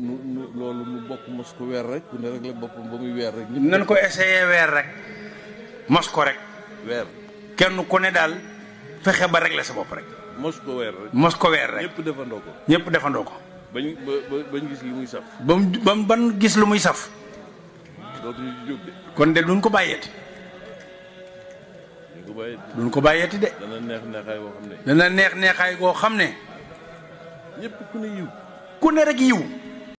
loolu mu bokk mos ko weer rek boppam ba weer rek. nañ ko essayé weer rek mos ko rek. weer kenn ku ne daal fexe ba régler sa bopp rek. mos ko weer rek mos ko weer rek. ñëpp defandoo ko. ñëpp defandoo ko. bañ ba gis muy saf. ba mu ban gis lu muy saf. dootuñu kon de duñ ko bàyyeeti. duñ ko bàyyeeti de. de. dana neex neexaay boo xam ne. dana neex neexaay boo xam ne. ñëpp ku ne yiw. ku ne rek yiw.